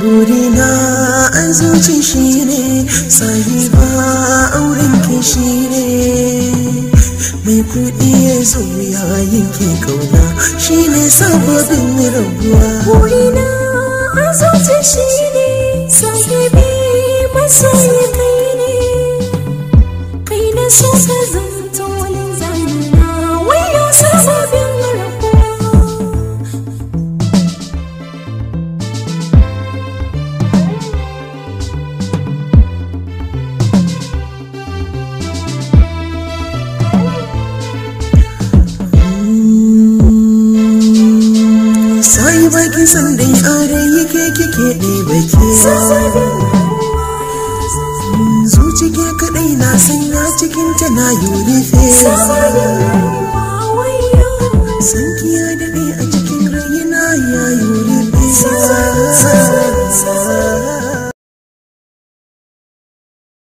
burina an zuci shi ne sahiba auren ki shi ne mai kuɗi ya zo yayin ke kauna shi ne sababin rabuwa burina an zuci shi ne sahibi masoyi san san dai are yake kike ɗibake zuciya kadai na sanya cikin ta na sai